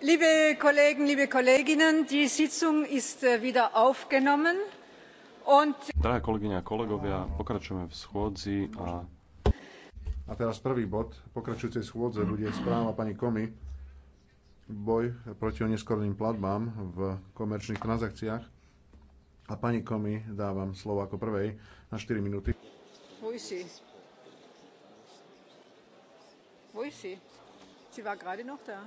liebe kollegen liebe kolleginnen die sitzung ist äh, wieder aufgenommen und Drahé kolegyne a kolegovia, pokračujeme v schôdzi a... A teraz prvý bod pokračujúcej schôdze bude správa pani Komi. Boj proti oneskorným platbám v komerčných transakciách. A pani Komi dávam slovo ako prvej na 4 minúty. Vojsi. Vojsi. Sie war gerade noch da.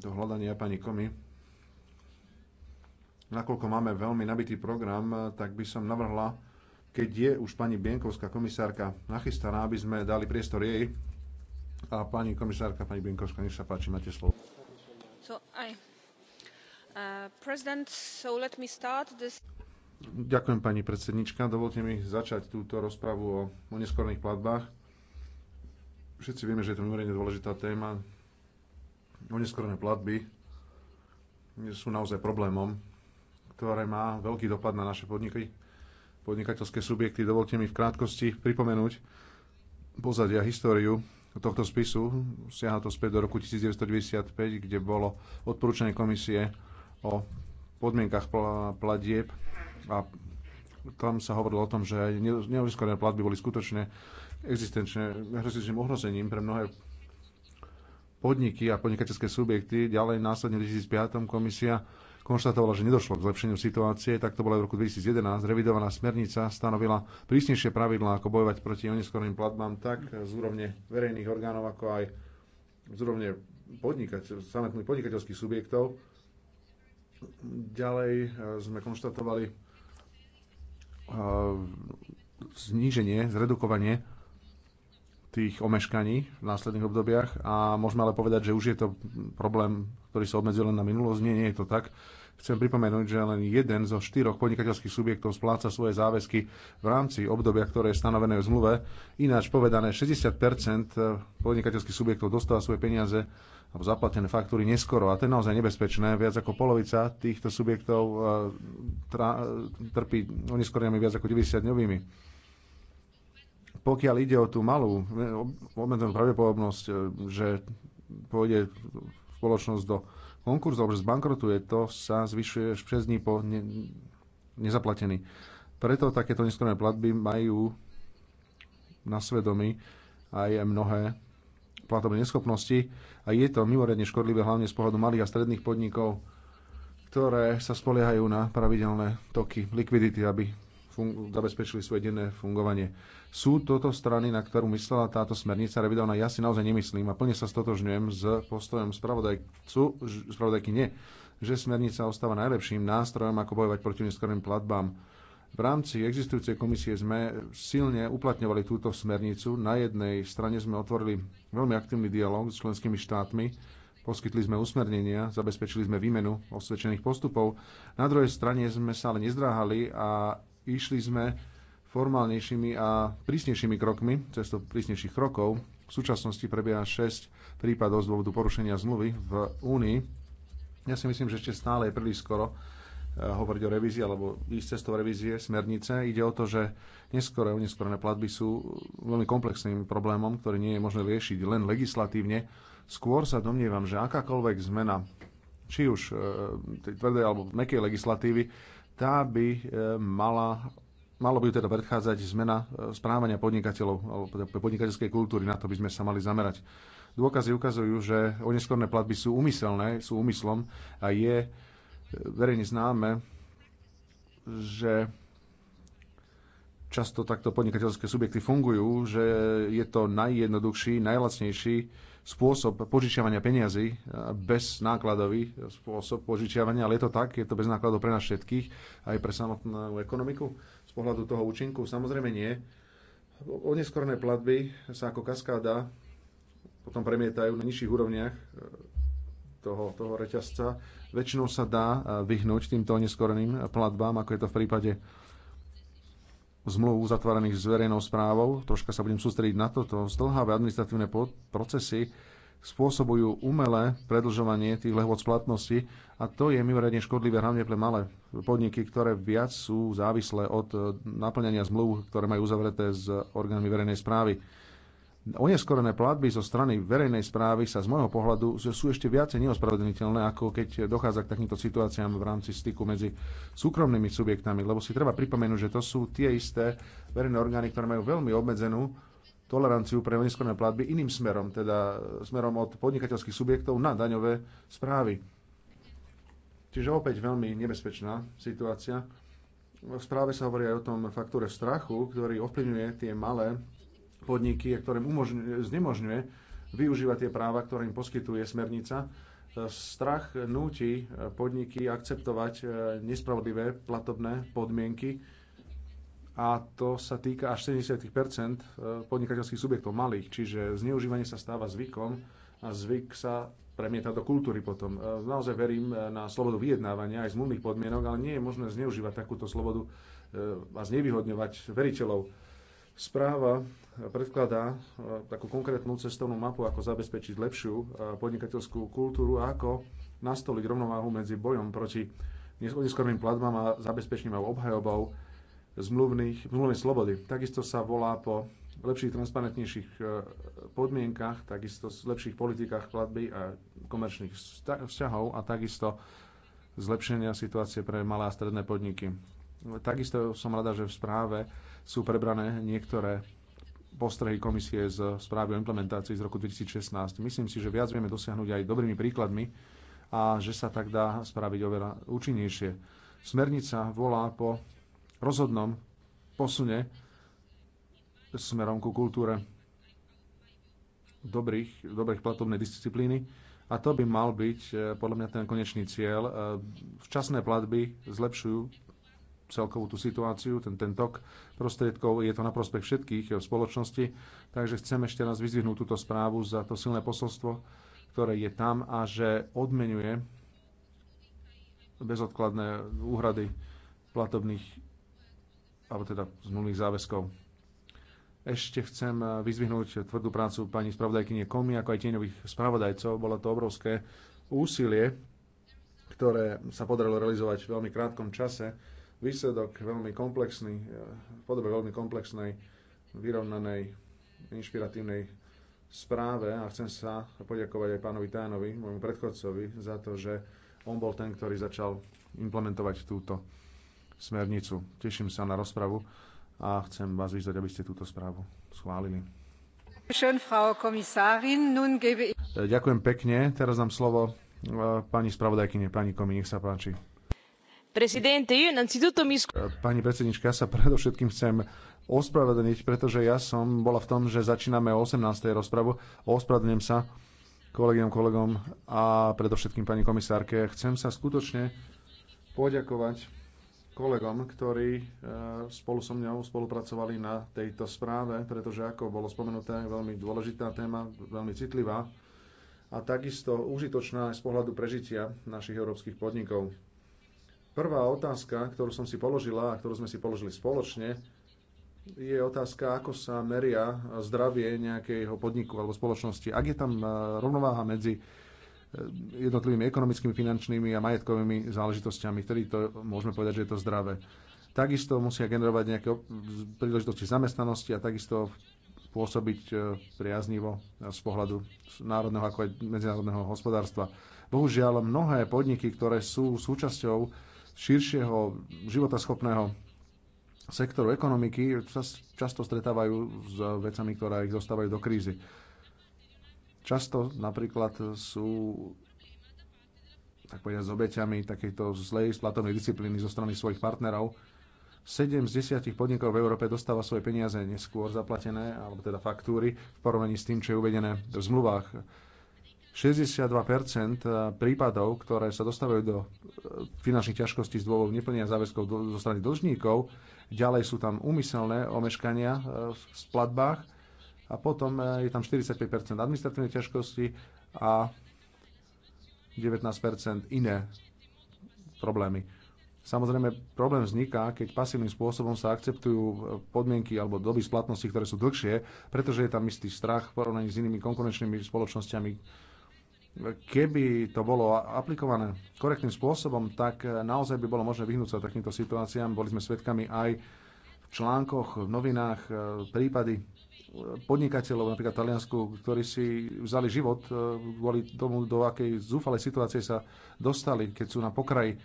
do hľadania pani Komi. Nakoľko máme veľmi nabitý program, tak by som navrhla, keď je už pani Bienkovská komisárka nachystaná, aby sme dali priestor jej. A pani komisárka, pani Bienkovská, nech sa páči, máte slovo. So I, uh, president, so let me start this... Ďakujem pani predsednička. Dovolte mi začať túto rozpravu o, o neskorných platbách. Všetci vieme, že je to mimoriadne dôležitá téma oneskorené platby sú naozaj problémom, ktoré má veľký dopad na naše podniky, podnikateľské subjekty. Dovolte mi v krátkosti pripomenúť pozadia históriu tohto spisu. Siaha to späť do roku 1995, kde bolo odporúčanie komisie o podmienkach pl- platieb a tam sa hovorilo o tom, že aj platby boli skutočne existenčne hrozným ohrozením pre mnohé podniky a podnikateľské subjekty. Ďalej následne v 2005 komisia konštatovala, že nedošlo k zlepšeniu situácie. Tak to bola v roku 2011. Revidovaná smernica stanovila prísnejšie pravidlá, ako bojovať proti oneskorným platbám, tak z úrovne verejných orgánov, ako aj z úrovne podnikateľ, samotných podnikateľských subjektov. Ďalej eh, sme konštatovali eh, zníženie, zredukovanie tých omeškaní v následných obdobiach a môžeme ale povedať, že už je to problém, ktorý sa obmedzil len na minulosť. Nie, nie je to tak. Chcem pripomenúť, že len jeden zo štyroch podnikateľských subjektov spláca svoje záväzky v rámci obdobia, ktoré je stanovené v zmluve. Ináč povedané, 60 podnikateľských subjektov dostáva svoje peniaze alebo zaplatené faktúry neskoro. A to je naozaj nebezpečné. Viac ako polovica týchto subjektov eh, trpí oneskoreniami viac ako 90 dňovými pokiaľ ide o tú malú, obmedzenú pravdepodobnosť, e, že pôjde spoločnosť do konkurzu alebo že zbankrotuje, to sa zvyšuje 6 dní po ne, nezaplatení. Preto takéto neskorné platby majú na svedomí aj mnohé platobné neschopnosti a je to mimoriadne škodlivé hlavne z pohľadu malých a stredných podnikov, ktoré sa spoliehajú na pravidelné toky likvidity, aby zabezpečili svoje denné fungovanie. Sú toto strany, na ktorú myslela táto smernica revidovaná? Ja si naozaj nemyslím a plne sa stotožňujem s postojom spravodajcu, spravodajky nie, že smernica ostáva najlepším nástrojom, ako bojovať proti neskorým platbám. V rámci existujúcej komisie sme silne uplatňovali túto smernicu. Na jednej strane sme otvorili veľmi aktívny dialog s členskými štátmi, poskytli sme usmernenia, zabezpečili sme výmenu osvedčených postupov. Na druhej strane sme sa ale nezdráhali a Išli sme formálnejšími a prísnejšími krokmi, cestou prísnejších krokov. V súčasnosti prebieha 6 prípadov z dôvodu porušenia zmluvy v Únii. Ja si myslím, že ešte stále je príliš skoro eh, hovoriť o revízii alebo ísť cestou revízie smernice. Ide o to, že neskoré neskorené platby sú veľmi komplexným problémom, ktorý nie je možné riešiť len legislatívne. Skôr sa domnievam, že akákoľvek zmena, či už eh, tej tvrdej alebo mekej legislatívy, tá by e, mala Malo by teda predchádzať zmena e, správania podnikateľov alebo teda podnikateľskej kultúry, na to by sme sa mali zamerať. Dôkazy ukazujú, že oneskorné platby sú úmyselné, sú úmyslom a je e, verejne známe, že často takto podnikateľské subjekty fungujú, že je to najjednoduchší, najlacnejší spôsob požičiavania peniazy, e, beznákladový spôsob požičiavania, ale je to tak, je to bez nákladov pre nás všetkých, aj pre samotnú ekonomiku z pohľadu toho účinku? Samozrejme nie. Oneskorné platby sa ako kaskáda potom premietajú na nižších úrovniach e, toho, toho reťazca. Väčšinou sa dá e, vyhnúť týmto oneskoreným platbám, ako je to v prípade zmluv uzatváraných s verejnou správou. Troška sa budem sústrediť na toto. Zdlhavé administratívne procesy spôsobujú umelé predlžovanie tých lehôd splatnosti a to je mimoriadne škodlivé hlavne pre malé podniky, ktoré viac sú závislé od eh, naplňania zmluv, ktoré majú uzavreté s orgánmi verejnej správy. Oneskorené platby zo strany verejnej správy sa z môjho pohľadu sú ešte viacej neospravedlniteľné, ako keď dochádza k takýmto situáciám v rámci styku medzi súkromnými subjektami, lebo si treba pripomenúť, že to sú tie isté verejné orgány, ktoré majú veľmi obmedzenú toleranciu pre oneskorené platby iným smerom, teda smerom od podnikateľských subjektov na daňové správy. Čiže opäť veľmi nebezpečná situácia. V správe sa hovorí aj o tom faktúre strachu, ktorý ovplyvňuje tie malé podniky, ktoré umožňuje, znemožňuje využívať tie práva, ktoré im poskytuje smernica. Strach núti podniky akceptovať e, nespravodlivé platobné podmienky a to sa týka až 70 e, podnikateľských subjektov malých, čiže zneužívanie sa stáva zvykom a zvyk sa premieta do kultúry potom. E, naozaj verím na slobodu vyjednávania aj zmluvných podmienok, ale nie je možné zneužívať takúto slobodu a znevýhodňovať veriteľov Správa predkladá e, takú konkrétnu cestovnú mapu, ako zabezpečiť lepšiu e, podnikateľskú kultúru a ako nastoliť rovnováhu medzi bojom proti neskorným platbám a zabezpečením a obhajobou zmluvných, zmluvnej slobody. Takisto sa volá po lepších, transparentnejších e, podmienkach, takisto lepších politikách platby a komerčných vzťahov a takisto zlepšenia situácie pre malé a stredné podniky. Takisto som rada, že v správe sú prebrané niektoré postrehy komisie z správy o implementácii z roku 2016. Myslím si, že viac vieme dosiahnuť aj dobrými príkladmi a že sa tak dá spraviť oveľa účinnejšie. Smernica volá po rozhodnom posune smerom ku kultúre dobrých, dobrých platobnej disciplíny a to by mal byť eh, podľa mňa ten konečný cieľ. Eh, včasné platby zlepšujú celkovú tú situáciu, ten, ten tok prostriedkov. Je to na prospech všetkých v eh, spoločnosti, takže chcem ešte raz vyzvihnúť túto správu za to silné posolstvo, ktoré je tam a že odmenuje bezodkladné úhrady platobných alebo teda zmluvných záväzkov. Ešte chcem eh, vyzvihnúť tvrdú prácu pani spravodajkynie Komi, ako aj tieňových spravodajcov. Bolo to obrovské úsilie, ktoré sa podarilo realizovať v veľmi krátkom čase výsledok veľmi komplexný, e, v podobe veľmi komplexnej, vyrovnanej, inšpiratívnej správe a chcem sa poďakovať aj pánovi Tánovi, môjmu predchodcovi, za to, že on bol ten, ktorý začal implementovať túto smernicu. Teším sa na rozpravu a chcem vás vyzvať, aby ste túto správu schválili. E, ďakujem pekne. Teraz dám slovo e, pani spravodajkyne, pani Komi, nech sa páči. Eh, pani predsednička, ja sa predovšetkým chcem ospravedlniť, pretože ja som bola v tom, že začíname o 18. rozpravu. Ospravedlňujem sa kolegyňom, kolegom a predovšetkým pani komisárke. Chcem sa skutočne poďakovať kolegom, ktorí eh, spolu so mňou spolupracovali na tejto správe, pretože ako bolo spomenuté, veľmi dôležitá téma, veľmi citlivá a takisto užitočná aj z pohľadu prežitia našich európskych podnikov Prvá otázka, ktorú som si položila a ktorú sme si položili spoločne, je otázka, ako sa meria zdravie nejakého podniku alebo spoločnosti. Ak je tam e, rovnováha medzi e, jednotlivými ekonomickými, finančnými a majetkovými záležitosťami, vtedy to môžeme povedať, že je to zdravé. Takisto musia generovať nejaké príležitosti zamestnanosti a takisto pôsobiť e, priaznivo z pohľadu národného ako aj medzinárodného hospodárstva. Bohužiaľ, mnohé podniky, ktoré sú súčasťou širšieho životaschopného sektoru ekonomiky sa často stretávajú s vecami, ktoré ich dostávajú do krízy. Často napríklad sú tak povedať, s obeťami takejto zlej splatovnej disciplíny zo strany svojich partnerov. 7 z 10 podnikov v Európe dostáva svoje peniaze neskôr zaplatené, alebo teda faktúry, v porovnaní s tým, čo je uvedené v zmluvách 62% eh, prípadov, ktoré sa dostávajú do eh, finančných ťažkostí z dôvodu neplnenia záväzkov zo strany dlžníkov, ďalej sú tam úmyselné omeškania eh, v platbách a potom je tam 45% administratívnej ťažkosti a 19% iné problémy. Samozrejme, problém vzniká, keď pasívnym spôsobom sa akceptujú podmienky alebo doby splatnosti, ktoré sú dlhšie, pretože je tam istý strach v porovnaní s inými konkurenčnými spoločnosťami, keby to bolo aplikované korektným spôsobom, tak eh, naozaj by bolo možné vyhnúť sa takýmto situáciám. Boli sme svedkami aj v článkoch, v novinách eh, prípady eh, podnikateľov, napríklad v Taliansku, ktorí si vzali život kvôli tomu, do akej zúfalej situácie sa dostali, keď sú na pokraji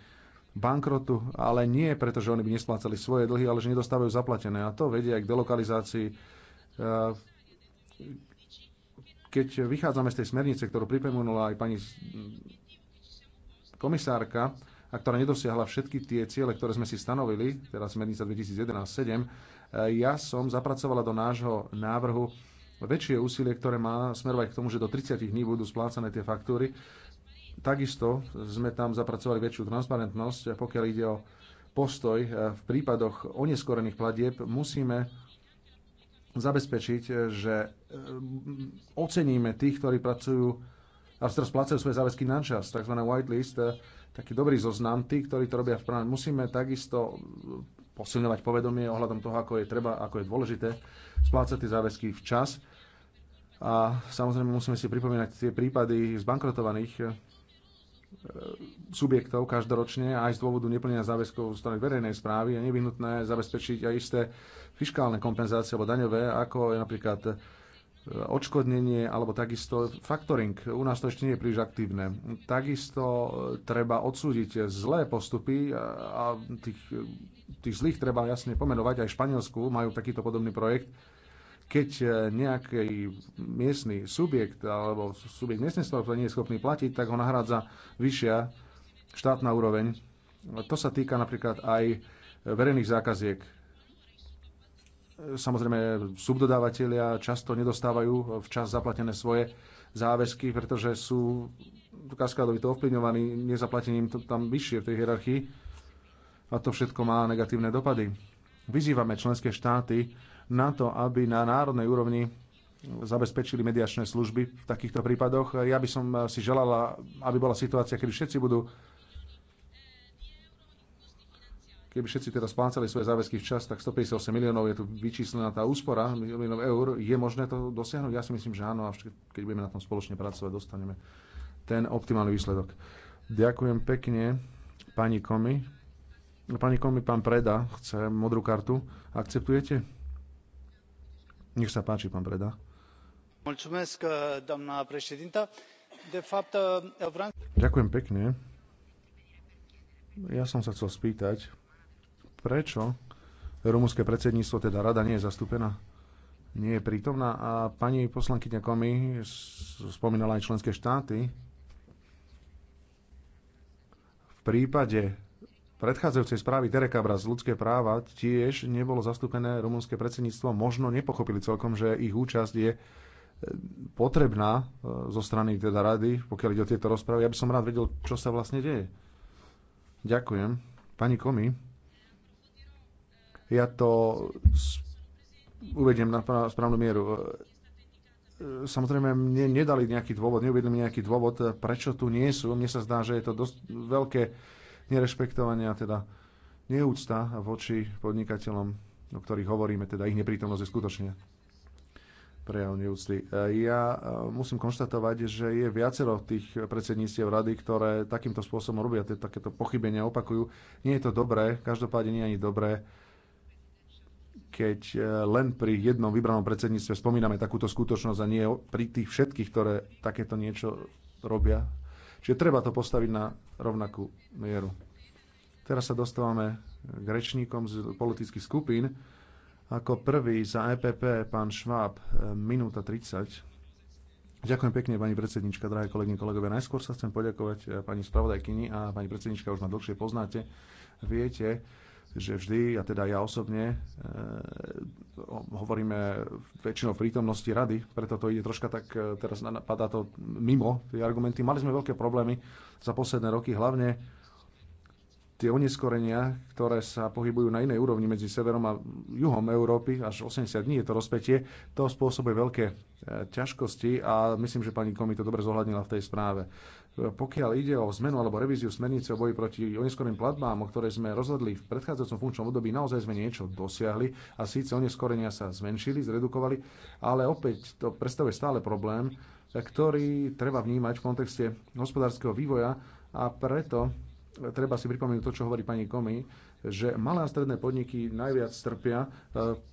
bankrotu, ale nie preto, že oni by nesplácali svoje dlhy, ale že nedostávajú zaplatené. A to vedie aj k delokalizácii keď vychádzame z tej smernice, ktorú pripomenula aj pani komisárka, a ktorá nedosiahla všetky tie ciele, ktoré sme si stanovili, teda smernica 2011-7, ja som zapracovala do nášho návrhu väčšie úsilie, ktoré má smerovať k tomu, že do 30 dní budú splácané tie faktúry. Takisto sme tam zapracovali väčšiu transparentnosť, pokiaľ ide o postoj v prípadoch oneskorených platieb musíme zabezpečiť, eh, že eh, oceníme tých, ktorí pracujú a teraz placajú svoje záväzky na čas, tzv. whitelist, eh, taký dobrý zoznam, tí, ktorí to robia v práve. Musíme takisto posilňovať povedomie ohľadom toho, ako je treba, ako je dôležité splácať tie záväzky včas. A samozrejme musíme si pripomínať tie prípady zbankrotovaných subjektov každoročne aj z dôvodu neplnenia záväzkov strany verejnej správy je nevyhnutné zabezpečiť aj isté fiskálne kompenzácie alebo daňové, ako je napríklad e, odškodnenie alebo takisto Faktoring U nás to ešte nie je príliš aktívne. Takisto e, treba odsúdiť zlé postupy a tých, tých zlých treba jasne pomenovať. Aj v Španielsku majú takýto podobný projekt keď e, nejaký miestny subjekt alebo subjekt miestnestva, ktorý nie je schopný platiť, tak ho nahrádza vyššia štátna úroveň. To sa týka napríklad aj verejných zákaziek. Samozrejme, subdodávateľia často nedostávajú včas zaplatené svoje záväzky, pretože sú kaskádovito ovplyvňovaní nezaplatením tam vyššie v tej hierarchii. A to všetko má negatívne dopady. Vyzývame členské štáty, na to, aby na národnej úrovni zabezpečili mediačné služby v takýchto prípadoch. Ja by som si želala, aby bola situácia, kedy všetci budú keby všetci teda splácali svoje záväzky včas, tak 158 miliónov je tu vyčíslená tá úspora, miliónov eur. Je možné to dosiahnuť? Ja si myslím, že áno, a keď budeme na tom spoločne pracovať, dostaneme ten optimálny výsledok. Ďakujem pekne pani Komi. Pani Komi, pán Preda chce modrú kartu. Akceptujete? Nech sa páči, pán Ďakujem pekne. Ja som sa chcel spýtať, prečo rumúnske predsedníctvo, teda rada nie je zastúpená? Nie je prítomná. A pani poslankyňa Komi spomínala aj členské štáty. V prípade predchádzajúcej správy Tereka Braz z ľudské práva tiež nebolo zastúpené rumunské predsedníctvo. Možno nepochopili celkom, že ich účasť je e, potrebná e, zo strany teda rady, pokiaľ ide o tieto rozpravy. Ja by som rád vedel, čo sa vlastne deje. Ďakujem. Pani Komi, ja to uvediem na správnu mieru. E, samozrejme, mne nedali nejaký dôvod, neuvedli mi nejaký dôvod, prečo tu nie sú. Mne sa zdá, že je to dosť veľké nerešpektovania, teda neúcta voči podnikateľom, o ktorých hovoríme, teda ich neprítomnosť je skutočne prejav neúcty. Ja eh, musím konštatovať, že je viacero tých predsedníctiev rady, ktoré takýmto spôsobom robia tie, takéto pochybenia, opakujú. Nie je to dobré, každopádne nie je ani dobré, keď eh, len pri jednom vybranom predsedníctve spomíname takúto skutočnosť a nie pri tých všetkých, ktoré takéto niečo robia Čiže treba to postaviť na rovnakú mieru. Teraz sa dostávame k rečníkom z politických skupín. Ako prvý za EPP pán Šváb, minúta 30. Ďakujem pekne, pani predsednička, drahé kolegyne, kolegovia. Najskôr sa chcem poďakovať eh, pani spravodajkyni a pani predsednička už ma dlhšie poznáte. Viete, že vždy, a teda ja osobne, e, hovoríme väčšinou v prítomnosti rady, preto to ide troška tak, e, teraz napadá to mimo tie argumenty. Mali sme veľké problémy za posledné roky, hlavne tie oneskorenia, ktoré sa pohybujú na inej úrovni medzi severom a juhom Európy, až 80 dní je to rozpetie, to spôsobuje veľké e, ťažkosti a myslím, že pani Komi to dobre zohľadnila v tej správe. Pokiaľ ide o zmenu alebo revíziu smernice o boji proti oneskorým platbám, o ktorej sme rozhodli v predchádzajúcom funkčnom období, naozaj sme niečo dosiahli a síce oneskorenia sa zmenšili, zredukovali, ale opäť to predstavuje stále problém, ktorý treba vnímať v kontexte hospodárskeho vývoja a preto treba si pripomenúť to, čo hovorí pani Komi, že malé a stredné podniky najviac trpia e,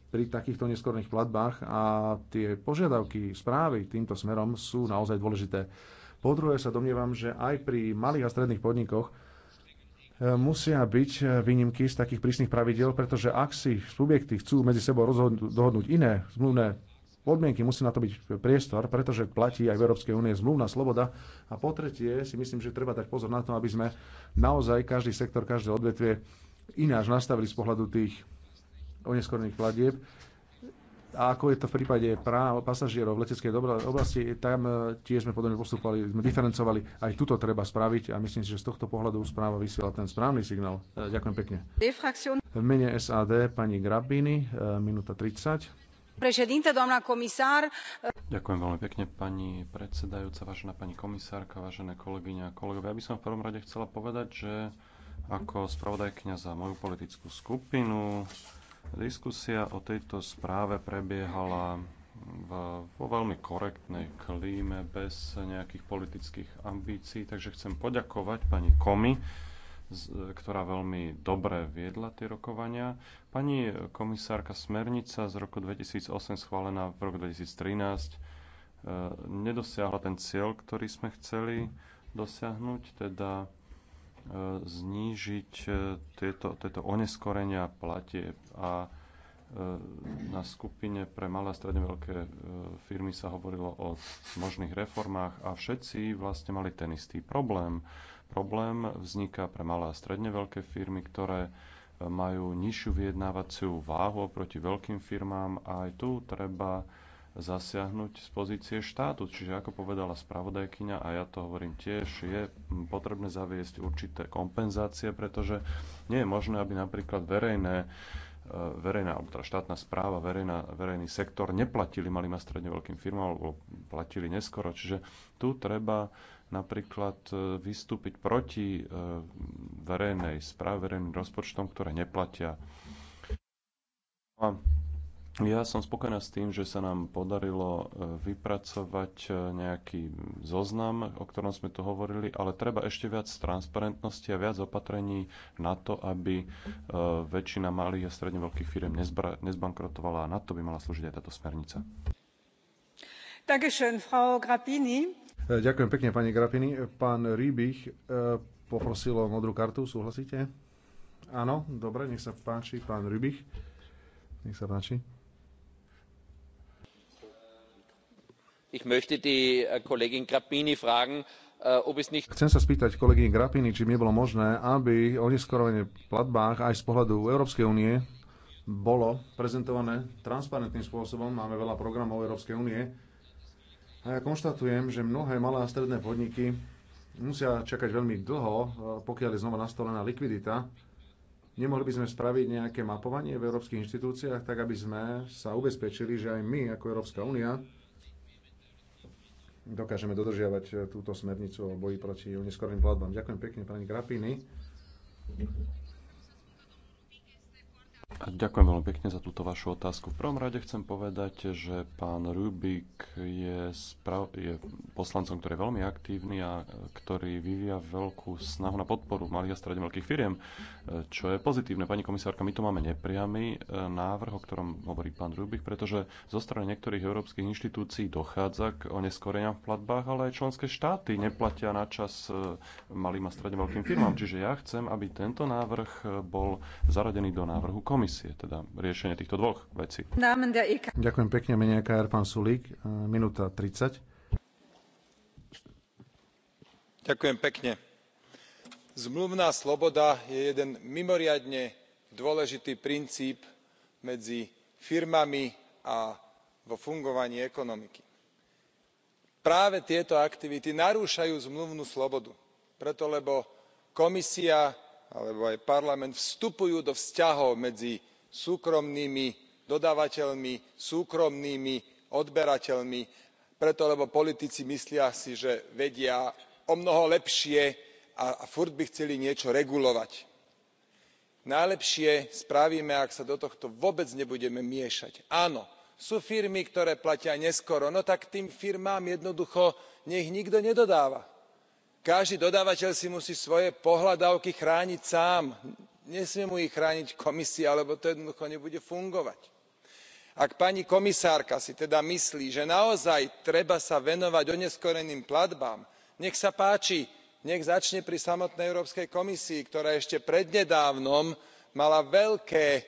pri takýchto neskorných platbách a tie požiadavky správy týmto smerom sú naozaj dôležité. Po druhé sa domnievam, že aj pri malých a stredných podnikoch e, musia byť e, výnimky z takých prísnych pravidel, pretože ak si subjekty chcú medzi sebou dohodnúť iné zmluvné podmienky, musí na to byť priestor, pretože platí aj v Európskej únie zmluvná sloboda. A po tretie si myslím, že treba dať pozor na to, aby sme naozaj každý sektor, každé odvetvie ináč nastavili z pohľadu tých oneskorených platieb. A ako je to v prípade práv pasažierov v leteckej oblasti, tam e, tiež sme podobne postupovali, sme diferencovali, aj tuto treba spraviť a myslím si, že z tohto pohľadu správa vysiela ten správny signál. E, ďakujem pekne. V mene SAD pani Grabini, e, minúta 30. Președinte, domná komisár. Ďakujem veľmi pekne, pani predsedajúca, vážená pani komisárka, vážené kolegyne a kolegovia. Ja by som v prvom rade chcela povedať, že ako spravodajkňa za moju politickú skupinu Diskusia o tejto správe prebiehala vo veľmi korektnej klíme, bez nejakých politických ambícií. Takže chcem poďakovať pani Komi, ktorá veľmi dobre viedla tie rokovania. Pani komisárka Smernica z roku 2008, schválená v roku 2013, e, nedosiahla ten cieľ, ktorý sme chceli dosiahnuť, teda znížiť e, tieto, tieto oneskorenia platieb a e, na skupine pre malé a stredne veľké e, firmy sa hovorilo o možných reformách a všetci vlastne mali ten istý problém. Problém vzniká pre malé a stredne veľké firmy, ktoré majú nižšiu vyjednávaciu váhu oproti veľkým firmám a aj tu treba zasiahnuť z pozície štátu. Čiže ako povedala spravodajkyňa, a ja to hovorím tiež, je potrebné zaviesť určité kompenzácie, pretože nie je možné, aby napríklad verejné eh, verejná, alebo teda štátna správa, verejná, verejný sektor neplatili malým a stredne veľkým firmám, alebo platili neskoro. Čiže tu treba napríklad eh, vystúpiť proti eh, verejnej správe, verejným rozpočtom, ktoré neplatia. A ja som spokojná s tým, že sa nám podarilo e, vypracovať e, nejaký zoznam, o ktorom sme tu hovorili, ale treba ešte viac transparentnosti a viac opatrení na to, aby e, väčšina malých a stredne veľkých firm nezbankrotovala a na to by mala slúžiť aj táto smernica. Ďakujem pekne, pani Grapini. Pán Rybich poprosil o modrú kartu, súhlasíte? Áno, dobre, nech sa páči, pán Rybich. Nech sa páči. Äh, äh, Chcem sa spýtať kolegyne Grapini, či by nebolo možné, aby oneskorovanie v platbách aj z pohľadu Európskej únie bolo prezentované transparentným spôsobom. Máme veľa programov Európskej únie. A ja konštatujem, že mnohé malé a stredné podniky musia čakať veľmi dlho, e, pokiaľ je znova nastolená likvidita. Nemohli by sme spraviť nejaké mapovanie v európskych inštitúciách, tak aby sme sa ubezpečili, že aj my ako Európska únia dokážeme dodržiavať e, túto smernicu o boji proti neskorým platbám. Ďakujem pekne pani Grapiny. Ďakujem veľmi pekne za túto vašu otázku. V prvom rade chcem povedať, že pán Rubik je, sprav- je poslancom, ktorý je veľmi aktívny a ktorý vyvíja veľkú snahu na podporu malých a stredne veľkých firiem, čo je pozitívne. Pani komisárka, my tu máme nepriamy e, návrh, o ktorom hovorí pán Rubik, pretože zo strany niektorých európskych inštitúcií dochádza k oneskoreniam v platbách, ale aj členské štáty neplatia na čas e, malým a stredne veľkým firmám. Čiže ja chcem, aby tento návrh e, bol zaradený do návrhu komisie komisie, teda riešenie týchto dvoch vecí. Ďakujem pekne, menej KR, pán Sulík, e, minúta 30. Ďakujem pekne. Zmluvná sloboda je jeden mimoriadne dôležitý princíp medzi firmami a vo fungovaní ekonomiky. práve tieto aktivity narúšajú zmluvnú slobodu preto lebo komisia alebo aj parlament vstupujú do vzťahov medzi súkromnými dodávateľmi súkromnými odberateľmi preto lebo politici myslia si že vedia omnoho lepšie a furt by chceli niečo regulovať. najlepšie spravíme ak sa do tohto vôbec nebudeme miešať. áno sú firmy ktoré platia neskoro no tak tým firmám jednoducho nech nikto nedodáva každý dodávateľ si musí svoje pohľadávky chrániť sám nesmie mu ich chrániť komisia lebo to jednoducho nebude fungovať. ak pani komisárka si teda myslí že naozaj treba sa venovať oneskoreným platbám nech sa páči nech začne pri samotnej európskej komisii ktorá ešte prednedávnom mala veľké e,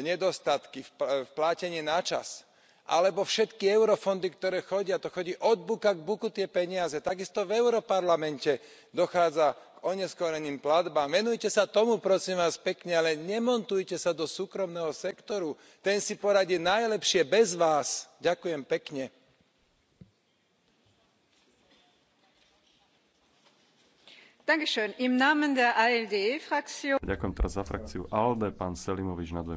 nedostatky v platení na čas alebo všetky eurofondy ktoré chodia to chodí od buka k buku tie peniaze takisto v europarlamente dochádza k oneskoreným platbám. venujte sa tomu prosím vás pekne ale nemontujte sa do súkromného sektoru ten si poradí najlepšie bez vás. ďakujem pekne. ďakujem za frakciu e, pán selimovič na dve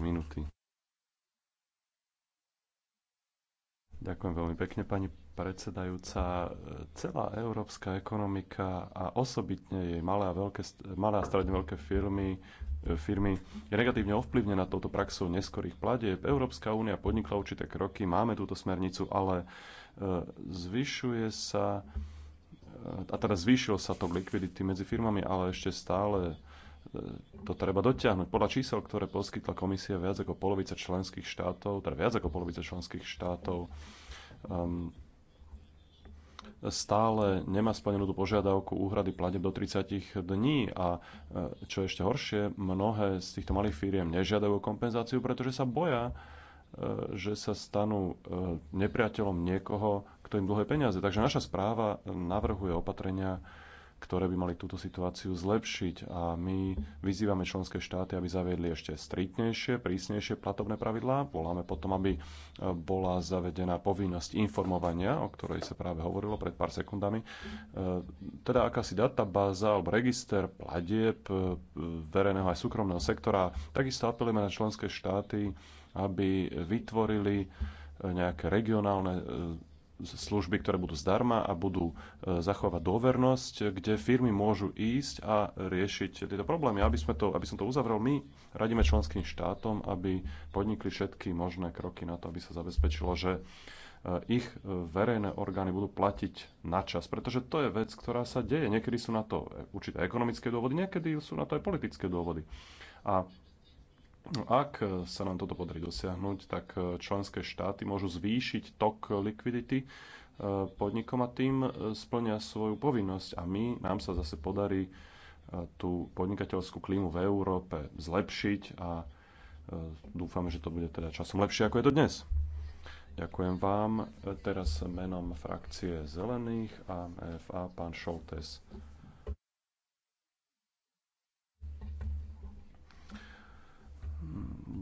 Ďakujem veľmi pekne, pani predsedajúca. Celá európska ekonomika a osobitne jej malé a, veľké, malé a stredne veľké firmy firmy je negatívne ovplyvnená touto praxou neskorých platieb. Európska únia podnikla určité kroky, máme túto smernicu, ale e, zvyšuje sa e, a teda zvýšil sa to likvidity medzi firmami, ale ešte stále to treba dotiahnuť. Podľa čísel, ktoré poskytla komisia, viac ako polovica členských štátov, teda viac ako polovica členských štátov um, stále nemá splnenú tú požiadavku úhrady plateb do 30 dní a e, čo je ešte horšie, mnohé z týchto malých firiem nežiadajú kompenzáciu, pretože sa boja, e, že sa stanú e, nepriateľom niekoho, kto im dlhuje peniaze. Takže naša správa navrhuje opatrenia, ktoré by mali túto situáciu zlepšiť. A my vyzývame členské štáty, aby zaviedli ešte striktnejšie, prísnejšie platobné pravidlá. Voláme potom, aby e, bola zavedená povinnosť informovania, o ktorej sa práve hovorilo pred pár sekundami. E, teda akási databáza alebo register platieb e, verejného aj súkromného sektora. Takisto apelujeme na členské štáty, aby vytvorili nejaké regionálne služby, ktoré budú zdarma a budú e, zachovať dôvernosť, kde firmy môžu ísť a riešiť tieto problémy. Aby, sme to, aby som to uzavrel, my radíme členským štátom, aby podnikli všetky možné kroky na to, aby sa zabezpečilo, že e, ich e, verejné orgány budú platiť na čas, pretože to je vec, ktorá sa deje. Niekedy sú na to určité ekonomické dôvody, niekedy sú na to aj politické dôvody. A No, ak e, sa nám toto podarí dosiahnuť, tak e, členské štáty môžu zvýšiť tok likvidity e, podnikom a tým splnia svoju povinnosť a my, nám sa zase podarí tú podnikateľskú klímu v Európe zlepšiť a dúfame, že to bude teda časom lepšie, ako je to dnes. Ďakujem vám. Teraz menom frakcie Zelených a FA pán Šoltes.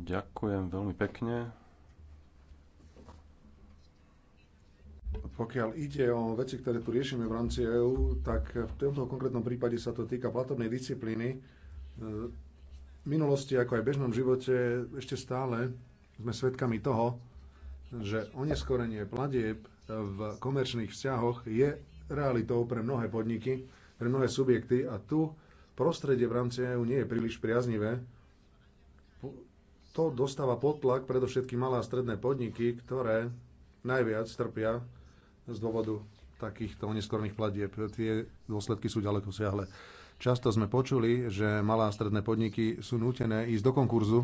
Ďakujem veľmi pekne. Pokiaľ ide o veci, ktoré tu riešime v rámci EÚ, tak v tomto konkrétnom prípade sa to týka platobnej disciplíny. E, v minulosti, ako aj v bežnom živote, ešte stále sme svedkami toho, že oneskorenie platieb v komerčných vzťahoch je realitou pre mnohé podniky, pre mnohé subjekty a tu prostredie v rámci EÚ nie je príliš priaznivé to dostáva pod tlak predovšetkým malé a stredné podniky, ktoré najviac trpia z dôvodu takýchto neskorných platieb. Tie dôsledky sú ďaleko siahle. Často sme počuli, že malé a stredné podniky sú nútené ísť do konkurzu.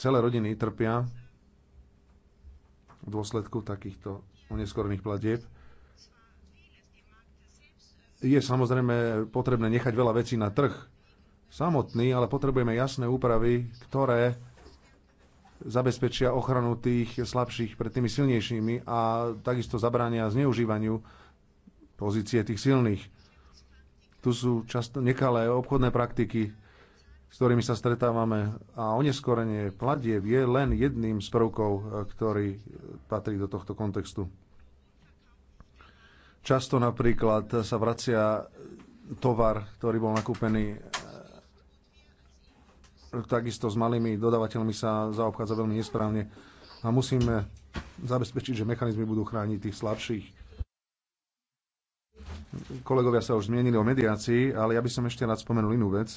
Celé rodiny trpia v dôsledku takýchto oneskorných platieb. Je samozrejme potrebné nechať veľa vecí na trh, samotný, ale potrebujeme jasné úpravy, ktoré zabezpečia ochranu tých slabších pred tými silnejšími a takisto zabránia zneužívaniu pozície tých silných. Tu sú často nekalé obchodné praktiky, s ktorými sa stretávame a oneskorenie platieb je len jedným z prvkov, ktorý patrí do tohto kontextu. Často napríklad sa vracia tovar, ktorý bol nakúpený Takisto s malými dodavateľmi sa zaobchádza veľmi nesprávne a musíme zabezpečiť, že mechanizmy budú chrániť tých slabších. Kolegovia sa už zmienili o mediácii, ale ja by som ešte rád spomenul inú vec.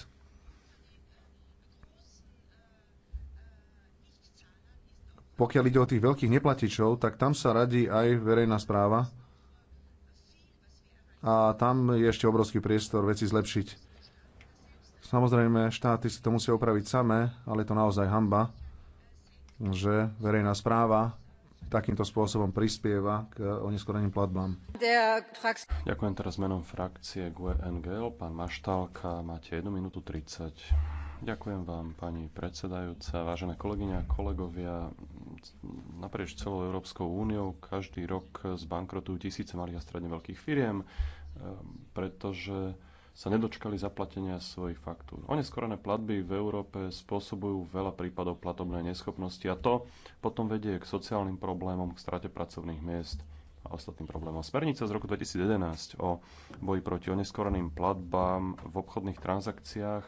Pokiaľ ide o tých veľkých neplatičov, tak tam sa radí aj verejná správa a tam je ešte obrovský priestor veci zlepšiť Samozrejme, štáty si to musia opraviť samé, ale je to naozaj hamba, že verejná správa takýmto spôsobom prispieva k oneskoreným platbám. Ďakujem teraz menom frakcie GUNGL. E Pán Maštálka, máte 1 minútu 30. Ďakujem vám, pani predsedajúca, vážené kolegyne a kolegovia. Naprieč celou Európskou úniou každý rok zbankrotujú tisíce malých a stredne veľkých firiem, pretože sa nedočkali zaplatenia svojich faktúr. Oneskorené platby v Európe spôsobujú veľa prípadov platobnej neschopnosti a to potom vedie k sociálnym problémom, k strate pracovných miest a ostatným problémom. Smernica z roku 2011 o boji proti oneskoreným platbám v obchodných transakciách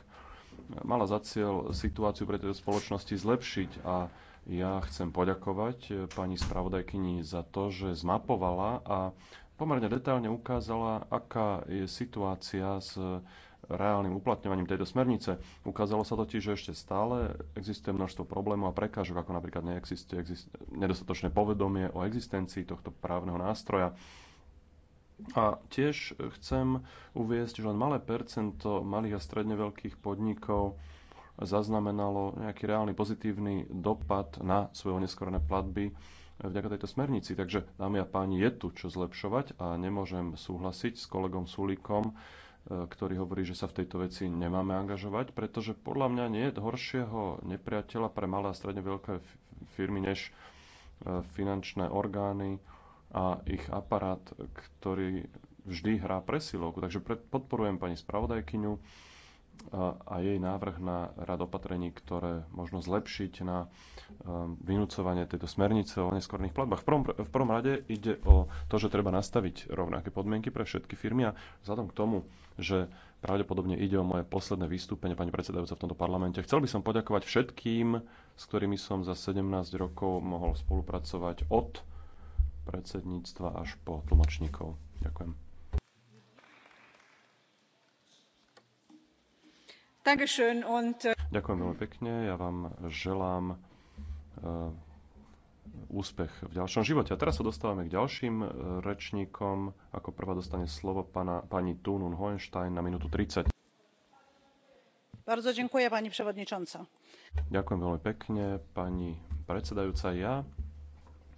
mala za cieľ situáciu pre tejto spoločnosti zlepšiť a ja chcem poďakovať pani spravodajkyni za to, že zmapovala a pomerne detálne ukázala, aká je situácia s reálnym uplatňovaním tejto smernice. Ukázalo sa totiž, že ešte stále existuje množstvo problémov a prekážok, ako napríklad neexistuje exist- nedostatočné povedomie o existencii tohto právneho nástroja. A tiež chcem uviesť, že len malé percento malých a stredne veľkých podnikov zaznamenalo nejaký reálny pozitívny dopad na svoje oneskorené platby vďaka tejto smernici. Takže, dámy a páni, je tu čo zlepšovať a nemôžem súhlasiť s kolegom Sulíkom, e, ktorý hovorí, že sa v tejto veci nemáme angažovať, pretože podľa mňa nie je horšieho nepriateľa pre malé a stredne veľké firmy než e, finančné orgány a ich aparát, ktorý vždy hrá presilovku. Takže podporujem pani spravodajkyňu a, jej návrh na rad opatrení, ktoré možno zlepšiť na um, vynúcovanie tejto smernice o neskorných platbách. V prvom, v prvom rade ide o to, že treba nastaviť rovnaké podmienky pre všetky firmy a vzhľadom k tomu, že pravdepodobne ide o moje posledné vystúpenie, pani predsedajúca, v tomto parlamente. Chcel by som poďakovať všetkým, s ktorými som za 17 rokov mohol spolupracovať od predsedníctva až po tlmočníkov. Ďakujem. Äh, Ďakujem veľmi pekne. Ja vám želám eh, úspech v ďalšom živote. A teraz sa dostávame k ďalším eh, rečníkom. Ako prvá dostane slovo pana, pani Tunun Hohenstein na minútu 30. Bardzo dziękuję, pani przewodnicząca. Ďakujem veľmi pekne, pani predsedajúca. Ja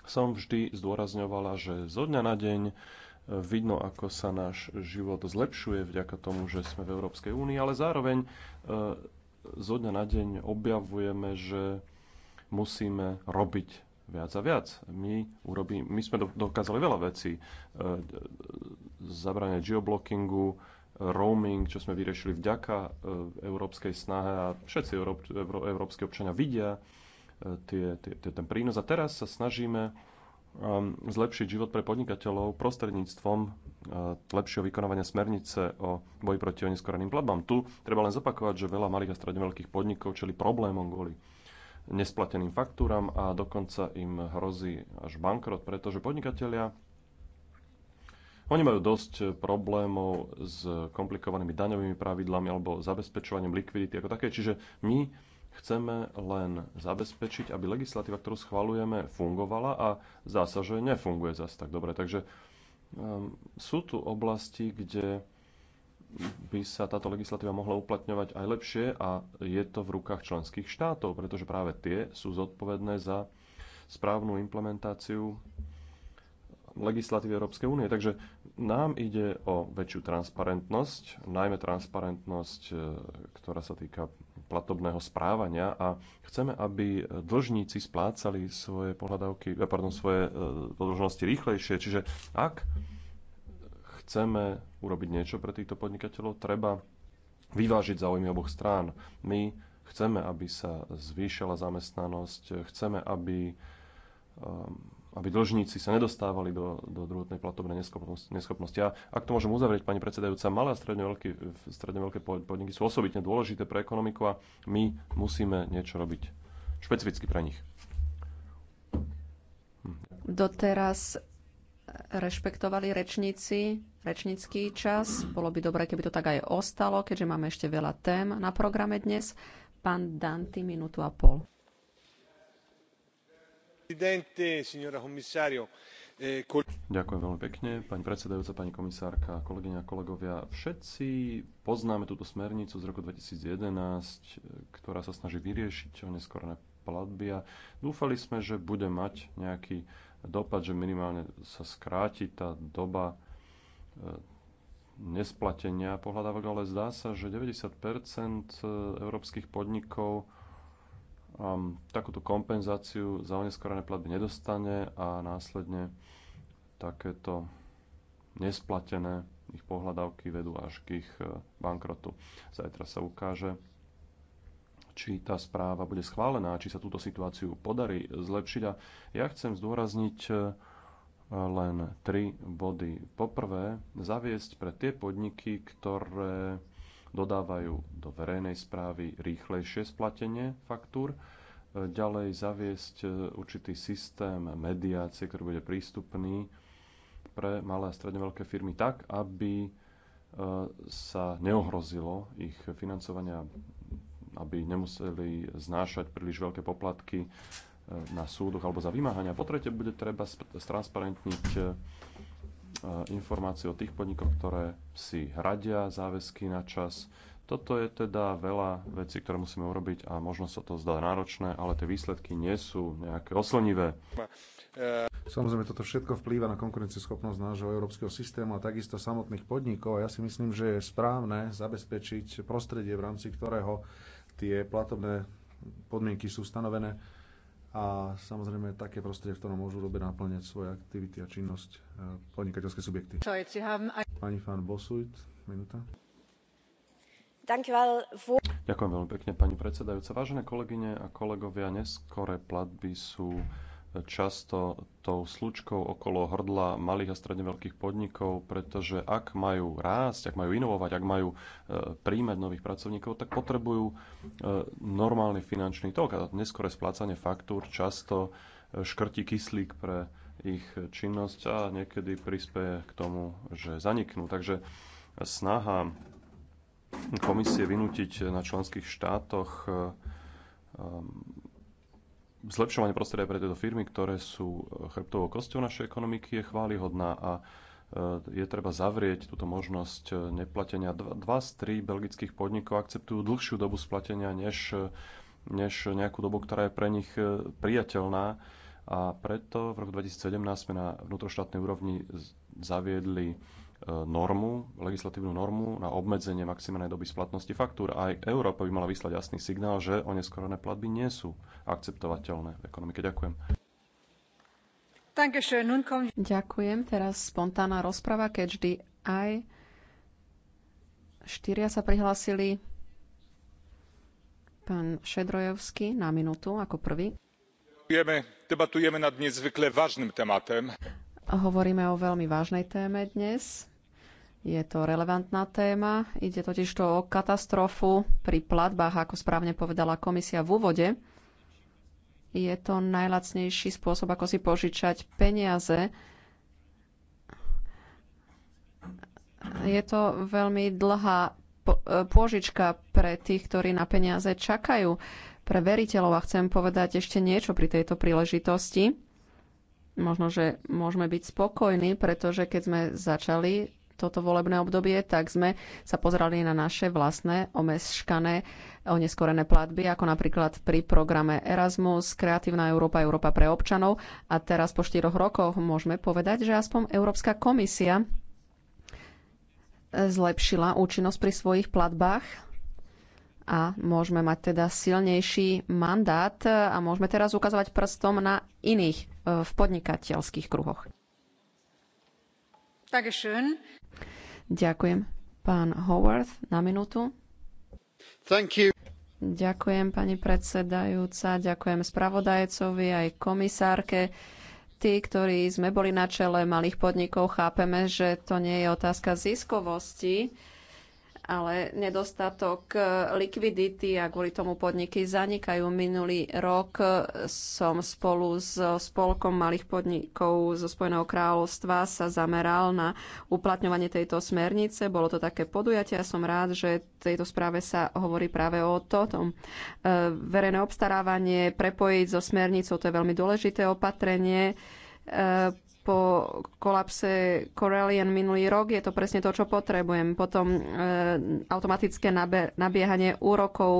som vždy zdôrazňovala, že zo dňa na deň vidno, ako sa náš život zlepšuje vďaka tomu, že sme v Európskej únii, ale zároveň e, zo dňa na deň objavujeme, že musíme robiť viac a viac. My, urobí, my sme dokázali veľa vecí. E, Zabranie geoblockingu, roaming, čo sme vyriešili vďaka e, európskej snahe a všetci európ, európsky občania vidia tie, tie, ten prínos. A teraz sa snažíme Um, zlepšiť život pre podnikateľov prostredníctvom uh, lepšieho vykonávania smernice o boji proti oneskoreným platbám. Tu treba len zopakovať, že veľa malých a stredne veľkých podnikov čeli problémom kvôli nesplateným faktúram a dokonca im hrozí až bankrot, pretože podnikatelia oni majú dosť problémov s komplikovanými daňovými pravidlami alebo zabezpečovaním likvidity ako také. Čiže my Chceme len zabezpečiť, aby legislatíva, ktorú schvalujeme, fungovala a zdá sa, že nefunguje zase tak dobre. Takže um, sú tu oblasti, kde by sa táto legislatíva mohla uplatňovať aj lepšie a je to v rukách členských štátov, pretože práve tie sú zodpovedné za správnu implementáciu legislatívy Európskej únie. Takže nám ide o väčšiu transparentnosť, najmä transparentnosť, e, ktorá sa týka platobného správania a chceme, aby dlžníci splácali svoje pohľadavky, eh, pardon, svoje eh, dlžnosti rýchlejšie. Čiže ak chceme urobiť niečo pre týchto podnikateľov, treba vyvážiť záujmy oboch strán. My chceme, aby sa zvýšila zamestnanosť, chceme, aby um, aby dlžníci sa nedostávali do, do druhotnej platobnej neschopnosti. A ak to môžem uzavrieť, pani predsedajúca, malé a stredne veľké, stredne veľké podniky sú osobitne dôležité pre ekonomiku a my musíme niečo robiť špecificky pre nich. Hm. Doteraz rešpektovali rečníci, rečnícky čas. Bolo by dobré, keby to tak aj ostalo, keďže máme ešte veľa tém na programe dnes. Pán Danty, minútu a pol. Eh, Ďakujem veľmi pekne, pani predsedajúca, pani komisárka, kolegyňa a kolegovia. Všetci poznáme túto smernicu z roku 2011, eh, ktorá sa snaží vyriešiť o neskorné platby a dúfali sme, že bude mať nejaký dopad, že minimálne sa skráti tá doba eh, nesplatenia pohľadávok, ale zdá sa, že 90 európskych podnikov um, takúto kompenzáciu za oneskorené platby nedostane a následne takéto nesplatené ich pohľadávky vedú až k ich e, bankrotu. Zajtra sa ukáže, či tá správa bude schválená, či sa túto situáciu podarí zlepšiť. A ja chcem zdôrazniť e, len tri body. Poprvé, zaviesť pre tie podniky, ktoré dodávajú do verejnej správy rýchlejšie splatenie faktúr, e, ďalej zaviesť e, určitý systém mediácie, ktorý bude prístupný pre malé a stredne veľké firmy tak, aby e, sa neohrozilo ich financovania, aby nemuseli znášať príliš veľké poplatky na súdoch alebo za vymáhania. Po tretie bude treba stransparentniť informácie o tých podnikoch, ktoré si hradia záväzky na čas. Toto je teda veľa vecí, ktoré musíme urobiť a možno sa to zdá náročné, ale tie výsledky nie sú nejaké oslnivé. Samozrejme, toto všetko vplýva na konkurencieschopnosť nášho európskeho systému a takisto samotných podnikov. A ja si myslím, že je správne zabezpečiť prostredie, v rámci ktorého tie platobné podmienky sú stanovené a samozrejme také prostredie, v ktorom môžu robiť naplňať svoje aktivity a činnosť e, podnikateľské subjekty. Pani Fan Bosuit, minúta. Ďakujem veľmi pekne, pani predsedajúca. Vážené kolegyne a kolegovia, neskoré platby sú často tou slučkou okolo hrdla malých a stredne veľkých podnikov, pretože ak majú rásť, ak majú inovovať, ak majú e, príjmať nových pracovníkov, tak potrebujú e, normálny finančný tok. A neskore splácanie faktúr často e, škrti kyslík pre ich činnosť a niekedy prispieje k tomu, že zaniknú. Takže snaha komisie vynútiť na členských štátoch zlepšovanie prostredia pre tieto firmy, ktoré sú e, chrbtovou kosťou našej ekonomiky, je chválihodná a e, je treba zavrieť túto možnosť e, neplatenia. Dva z tri belgických podnikov akceptujú dlhšiu dobu splatenia než, než nejakú dobu, ktorá je pre nich priateľná. A preto v roku 2017 sme na vnútroštátnej úrovni zaviedli E, normu, legislatívnu normu na obmedzenie maximálnej doby splatnosti faktúr. Aj Európa by mala vyslať jasný signál, že oneskorené platby nie sú akceptovateľné v ekonomike. Ďakujem. Ďakujem. Teraz spontánna rozprava, keď vždy aj štyria sa prihlásili. Pán Šedrojovský na minútu ako prvý. Debatujeme nad nezvykle vážnym tematem. Hovoríme o veľmi vážnej téme dnes je to relevantná téma, ide totiž to o katastrofu pri platbách, ako správne povedala komisia v úvode. Je to najlacnejší spôsob, ako si požičať peniaze. Je to veľmi dlhá e, pôžička pre tých, ktorí na peniaze čakajú. Pre veriteľov a chcem povedať ešte niečo pri tejto príležitosti. Možno, že môžeme byť spokojní, pretože keď sme začali toto volebné obdobie, tak sme sa pozrali na naše vlastné omeškané oneskorené platby, ako napríklad pri programe Erasmus, Kreatívna Európa, Európa pre občanov. A teraz po štyroch rokoch môžeme povedať, že aspoň Európska komisia zlepšila účinnosť pri svojich platbách a môžeme mať teda silnejší mandát a môžeme teraz ukazovať prstom na iných eh, v podnikateľských kruhoch. Ďakujem. Pán Howard, na minútu. Thank you. Ďakujem, pani predsedajúca, ďakujem spravodajcovi aj komisárke. Tí, ktorí sme boli na čele malých podnikov, chápeme, že to nie je otázka ziskovosti, ale nedostatok eh, likvidity a kvôli tomu podniky zanikajú. Minulý rok eh, som spolu s spolkom malých podnikov zo Spojeného kráľovstva sa zameral na uplatňovanie tejto smernice. Bolo to také podujatie a som rád, že tejto správe sa hovorí práve o to, tom eh, verejné obstarávanie prepojiť so smernicou, to je veľmi dôležité opatrenie po kolapse Corellian minulý rok. Je to presne to, čo potrebujem. Potom e, automatické nabe, nabiehanie úrokov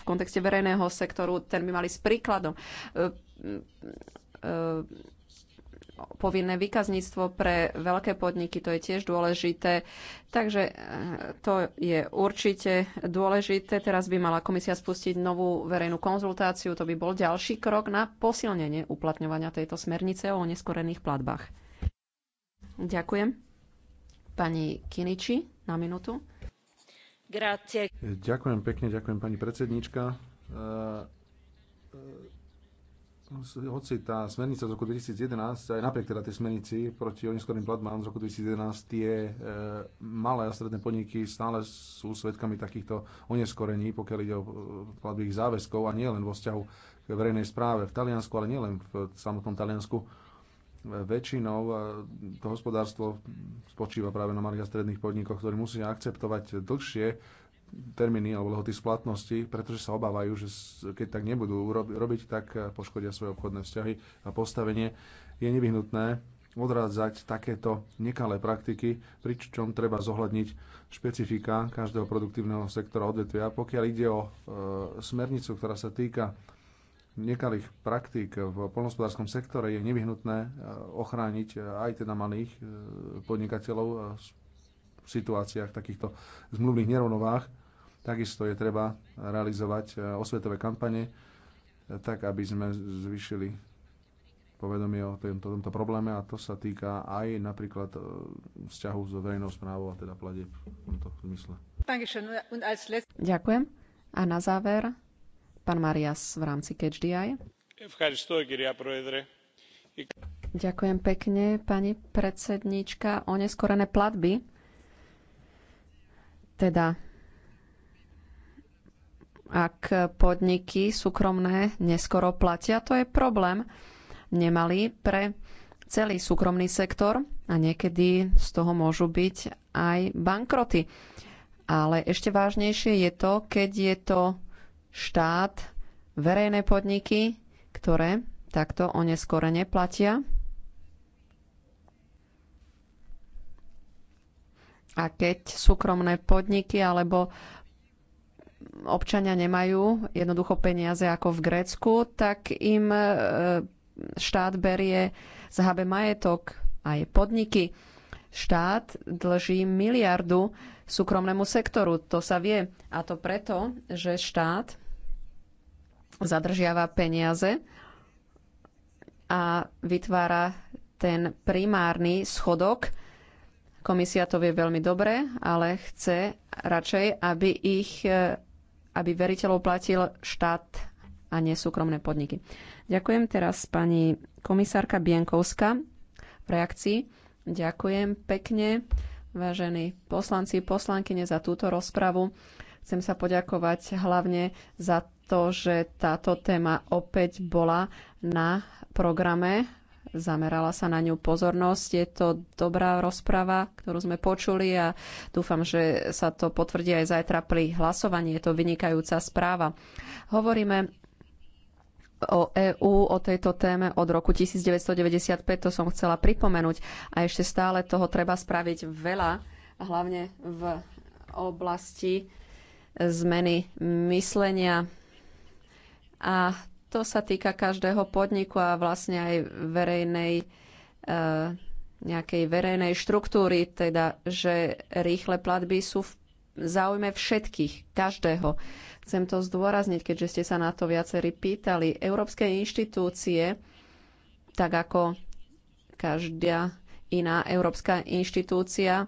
v kontexte verejného sektoru, ten by mali s príkladom. E, e, povinné výkazníctvo pre veľké podniky, to je tiež dôležité. Takže e, to je určite dôležité. Teraz by mala komisia spustiť novú verejnú konzultáciu. To by bol ďalší krok na posilnenie uplatňovania tejto smernice o neskorených platbách. Ďakujem. Pani Kiniči na minútu. Grazie. Ďakujem pekne, ďakujem pani predsednička e, e, hoci tá smernica z roku 2011, aj napriek teda tej smernici proti oneskorým platbám z roku 2011, tie e, malé a stredné podniky stále sú svedkami takýchto oneskorení, pokiaľ ide o e, platby ich záväzkov a nie len vo vzťahu k verejnej správe v Taliansku, ale nielen v samotnom Taliansku. E, väčšinou e, to hospodárstvo spočíva práve na malých a stredných podnikoch, ktorí musia akceptovať dlhšie termíny alebo lehoty splatnosti, pretože sa obávajú, že keď tak nebudú robiť, tak eh, poškodia svoje obchodné vzťahy a postavenie. Je nevyhnutné odrádzať takéto nekalé praktiky, pričom treba zohľadniť špecifika každého produktívneho sektora odvetvia. Pokiaľ ide o e, smernicu, ktorá sa týka nekalých praktík v polnospodárskom sektore je nevyhnutné eh, ochrániť aj teda malých podnikateľov v situáciách takýchto zmluvných nerovnovách. Takisto je treba realizovať e, osvetové kampane, e, tak aby sme zvýšili povedomie o tomto, tomto probléme a to sa týka aj napríklad e, vzťahu s verejnou správou a teda plade v tomto zmysle. Ďakujem. A na záver, pán Marias v rámci KDI. Ďakujem pekne, pani predsednička. Oneskorené platby, teda ak podniky súkromné neskoro platia, to je problém nemalý pre celý súkromný sektor a niekedy z toho môžu byť aj bankroty. Ale ešte vážnejšie je to, keď je to štát, verejné podniky, ktoré takto oneskorene platia. A keď súkromné podniky alebo občania nemajú jednoducho peniaze ako v Grécku, tak im e, štát berie z HB majetok aj podniky. Štát dlží miliardu súkromnému sektoru, to sa vie. A to preto, že štát zadržiava peniaze a vytvára ten primárny schodok. Komisia to vie veľmi dobre, ale chce radšej, aby ich e, aby veriteľov platil štát a nie súkromné podniky. Ďakujem teraz pani komisárka Bienkovská v reakcii. Ďakujem pekne, vážení poslanci, poslankyne, za túto rozpravu. Chcem sa poďakovať hlavne za to, že táto téma opäť bola na programe zamerala sa na ňu pozornosť. Je to dobrá rozprava, ktorú sme počuli a dúfam, že sa to potvrdí aj zajtra pri hlasovaní. Je to vynikajúca správa. Hovoríme o EÚ, o tejto téme od roku 1995, to som chcela pripomenúť. A ešte stále toho treba spraviť veľa, hlavne v oblasti zmeny myslenia. A to sa týka každého podniku a vlastne aj verejnej e, nejakej verejnej štruktúry, teda, že rýchle platby sú v záujme všetkých, každého. Chcem to zdôrazniť, keďže ste sa na to viacerí pýtali. Európske inštitúcie, tak ako každá iná európska inštitúcia,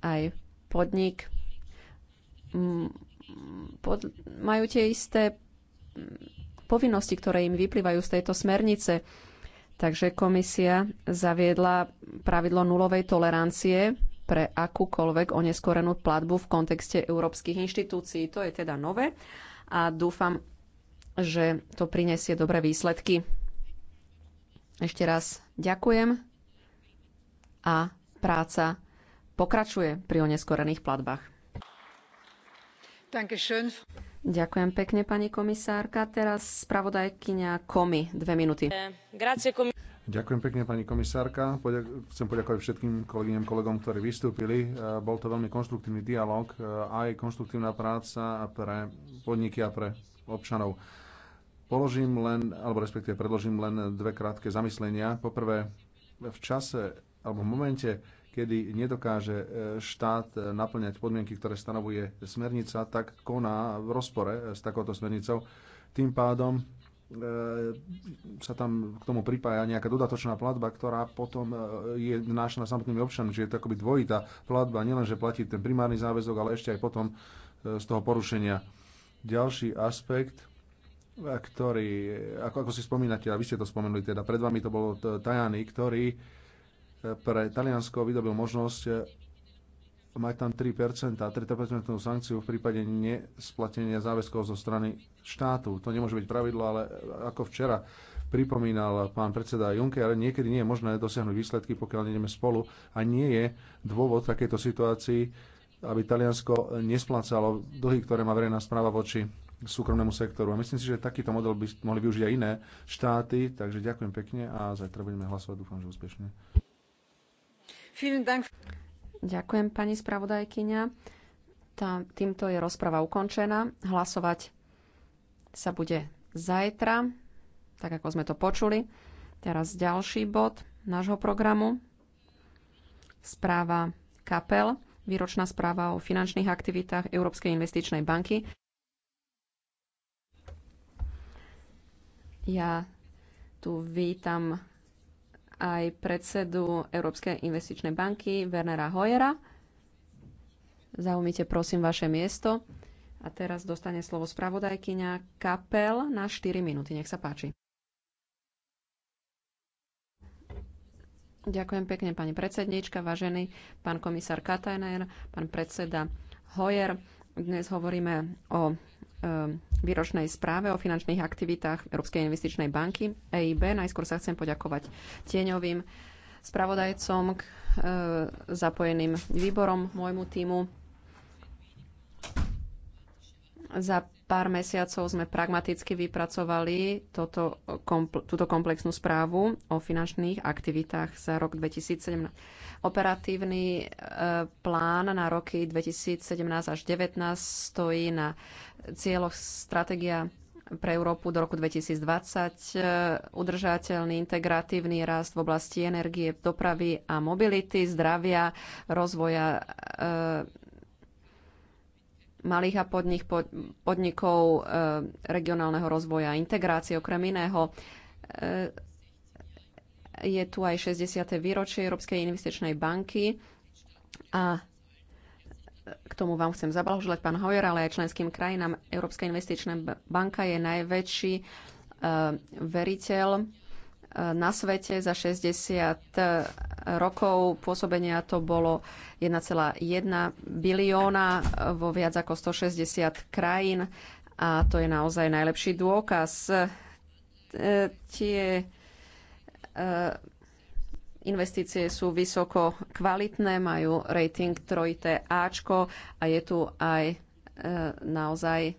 aj podnik, pod, majú tie isté povinnosti, ktoré im vyplývajú z tejto smernice. Takže komisia zaviedla pravidlo nulovej tolerancie pre akúkoľvek oneskorenú platbu v kontexte európskych inštitúcií. To je teda nové a dúfam, že to prinesie dobré výsledky. Ešte raz ďakujem a práca pokračuje pri oneskorených platbách. Dankeschön. Ďakujem pekne, pani komisárka. Teraz spravodajkyňa Komi, dve minúty. Ďakujem pekne, pani komisárka. Chcem poďakovať všetkým kolegyňam, kolegom, ktorí vystúpili. E, bol to veľmi konstruktívny dialog, e, aj konštruktívna práca pre podniky a pre občanov. Položím len, alebo respektíve predložím len dve krátke zamyslenia. Poprvé, v čase alebo v momente, kedy nedokáže e, štát e, naplňať podmienky, ktoré stanovuje smernica, tak koná v rozpore e, s takouto smernicou. Tým pádom sa tam k tomu pripája nejaká dodatočná platba, ktorá potom je nášna samotnými občanmi, čiže je to akoby dvojitá platba, nielenže platí ten primárny záväzok, ale ešte aj potom z toho porušenia. Ďalší aspekt, ktorý, ako, ako si spomínate, a vy ste to spomenuli, teda pred vami to bol Tajany, ktorý pre Taliansko vydobil možnosť eh, mať tam 3%, 3% sankciu v prípade nesplatenia záväzkov zo strany štátu. To nemôže byť pravidlo, ale eh, ako včera pripomínal pán predseda Juncker, niekedy nie je možné dosiahnuť výsledky, pokiaľ ideme spolu a nie je dôvod takejto situácii, aby Taliansko nesplácalo dlhy, ktoré má verejná správa voči súkromnému sektoru. A myslím si, že takýto model by mohli využiť aj iné štáty, takže ďakujem pekne a zajtra budeme hlasovať, dúfam, že úspešne. Ďakujem, pani spravodajkyňa. Tá, týmto je rozprava ukončená. Hlasovať sa bude zajtra, tak ako sme to počuli. Teraz ďalší bod nášho programu. Správa Kapel, výročná správa o finančných aktivitách Európskej investičnej banky. Ja tu vítam aj predsedu Európskej investičnej banky Wernera Hoyera. Zaujmite prosím vaše miesto. A teraz dostane slovo spravodajkyňa Kapel na 4 minúty. Nech sa páči. Ďakujem pekne, pani predsednička, vážený pán komisár Katajner, pán predseda Hoyer. Dnes hovoríme o Eh, výročnej správe o finančných aktivitách Európskej investičnej banky EIB. Najskôr sa chcem poďakovať tieňovým spravodajcom, k eh, zapojeným výborom, môjmu týmu za pár mesiacov sme pragmaticky vypracovali toto, kompl- túto komplexnú správu o finančných aktivitách za rok 2017. Operatívny e, plán na roky 2017 až 2019 stojí na cieľoch stratégia pre Európu do roku 2020, e, udržateľný integratívny rast v oblasti energie, dopravy a mobility, zdravia, rozvoja e, malých a podnik, pod, podnikov e, regionálneho rozvoja a integrácie okrem iného. E, je tu aj 60. výročie Európskej investičnej banky a k tomu vám chcem zablahoželať, pán Hojer, ale aj členským krajinám. Európska investičná banka je najväčší e, veriteľ Eh, na svete. Za 60 eh, rokov pôsobenia to bolo 1,1 bilióna eh, vo viac ako 160 krajín a to je naozaj najlepší dôkaz. Tie investície sú vysoko kvalitné, majú rating 3 Ačko a je tu aj naozaj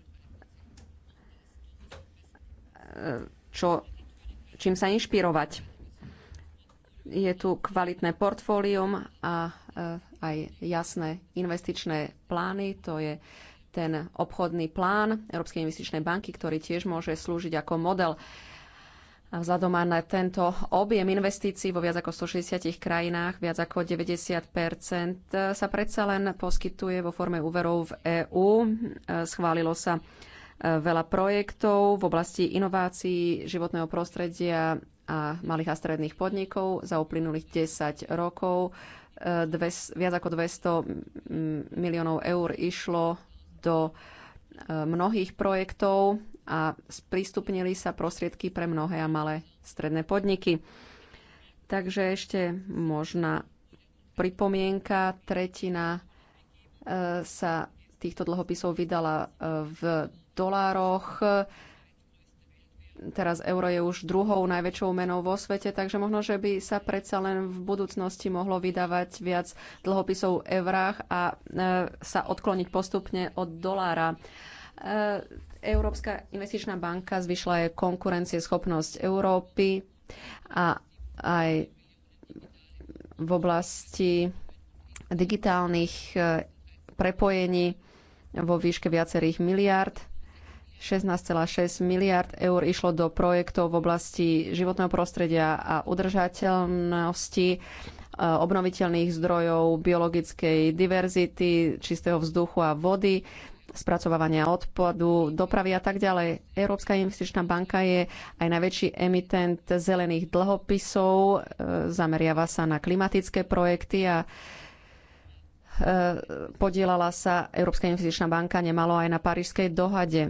čo čím sa inšpirovať. Je tu kvalitné portfólium a e, aj jasné investičné plány. To je ten obchodný plán Európskej investičnej banky, ktorý tiež môže slúžiť ako model. A vzhľadom na tento objem investícií vo viac ako 160 krajinách, viac ako 90 sa predsa len poskytuje vo forme úverov v EÚ. E, schválilo sa veľa projektov v oblasti inovácií, životného prostredia a malých a stredných podnikov. Za uplynulých 10 rokov dves, viac ako 200 miliónov eur išlo do e, mnohých projektov a sprístupnili sa prostriedky pre mnohé a malé stredné podniky. Takže ešte možná pripomienka. Tretina e, sa týchto dlhopisov vydala e, v dolároch. Teraz euro je už druhou najväčšou menou vo svete, takže možno, že by sa predsa len v budúcnosti mohlo vydávať viac dlhopisov v eurách a e, sa odkloniť postupne od dolára. E, Európska investičná banka zvyšla je konkurencieschopnosť Európy a aj v oblasti digitálnych e, prepojení vo výške viacerých miliárd. 16,6 miliard eur išlo do projektov v oblasti životného prostredia a udržateľnosti, e, obnoviteľných zdrojov, biologickej diverzity, čistého vzduchu a vody, spracovávania odpadu, dopravy a tak ďalej. Európska investičná banka je aj najväčší emitent zelených dlhopisov, e, zameriava sa na klimatické projekty a Eh, podielala sa Európska investičná banka, nemalo aj na Parížskej dohade. Eh,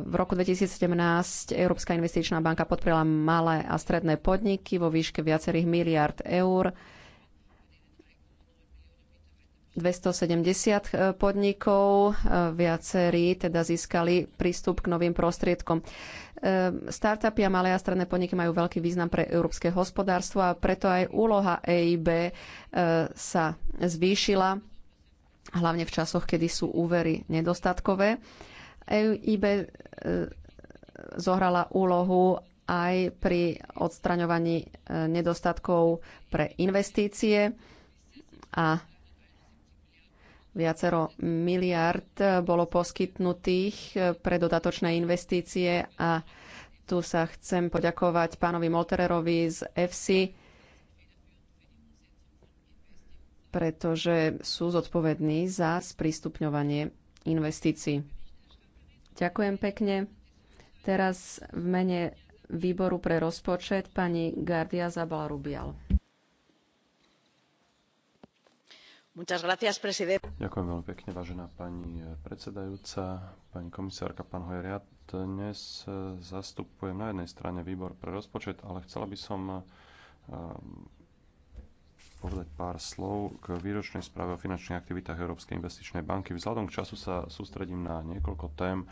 v roku 2017 Európska investičná banka podporila malé a stredné podniky vo výške viacerých miliard eur. 270 eh, podnikov, viacerí teda získali prístup k novým prostriedkom. Startupy a malé a stredné podniky majú veľký význam pre európske hospodárstvo a preto aj úloha EIB sa zvýšila hlavne v časoch, kedy sú úvery nedostatkové. EIB e, zohrala úlohu aj pri odstraňovaní e, nedostatkov pre investície a viacero miliard bolo poskytnutých e, pre dodatočné investície a tu sa chcem poďakovať pánovi Moltererovi z EFSI, pretože sú zodpovední za sprístupňovanie investícií. Ďakujem pekne. Teraz v mene výboru pre rozpočet pani Gardia Zabal Rubial. Ďakujem veľmi pekne, vážená pani predsedajúca, pani komisárka, pán Hojer. Ja dnes zastupujem na jednej strane výbor pre rozpočet, ale chcela by som ehm, povedať pár slov k výročnej správe o finančných aktivitách Európskej investičnej banky. Vzhľadom k času sa sústredím na niekoľko tém,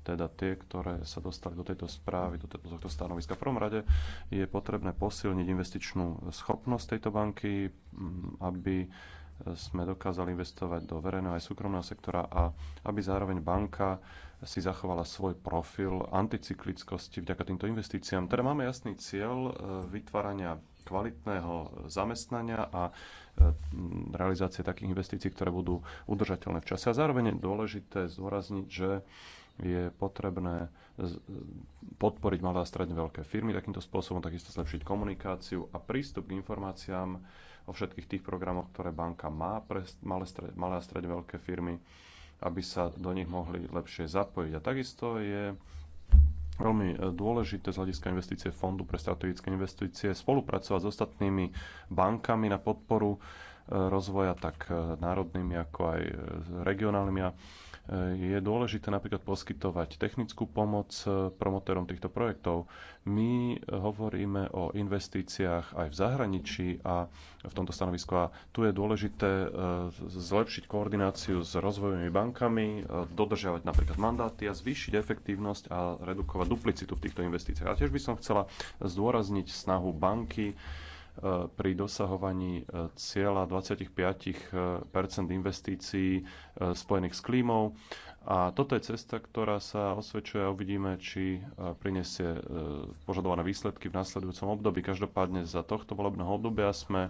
teda tie, ktoré sa dostali do tejto správy, do tohto stanoviska. V prvom rade je potrebné posilniť investičnú schopnosť tejto banky, mm, aby e, sme dokázali investovať do verejného aj súkromného sektora a aby zároveň banka si zachovala svoj profil anticyklickosti vďaka týmto investíciám. Teda máme jasný cieľ e, vytvárania kvalitného zamestnania a mm, realizácie takých investícií, ktoré budú udržateľné v čase. A zároveň je dôležité zdôrazniť, že je potrebné podporiť malé a stredne veľké firmy takýmto spôsobom, takisto zlepšiť komunikáciu a prístup k informáciám o všetkých tých programoch, ktoré banka má pre malé, stred, malé a stredne veľké firmy, aby sa do nich mohli lepšie zapojiť. A takisto je veľmi e, dôležité z hľadiska investície Fondu pre strategické investície spolupracovať s ostatnými bankami na podporu e, rozvoja tak e, národnými ako aj regionálnymi. A je dôležité napríklad poskytovať technickú pomoc eh, promotérom týchto projektov. My hovoríme o investíciách aj v zahraničí a v tomto stanovisku a tu je dôležité eh, zlepšiť koordináciu s rozvojovými bankami, eh, dodržiavať napríklad mandáty a zvýšiť efektívnosť a redukovať duplicitu v týchto investíciách. A tiež by som chcela zdôrazniť snahu banky Eh, pri dosahovaní eh, cieľa 25 investícií eh, spojených s klímou. A toto je cesta, ktorá sa osvedčuje a uvidíme, či prinesie požadované výsledky v následujúcom období. Každopádne za tohto volebného obdobia sme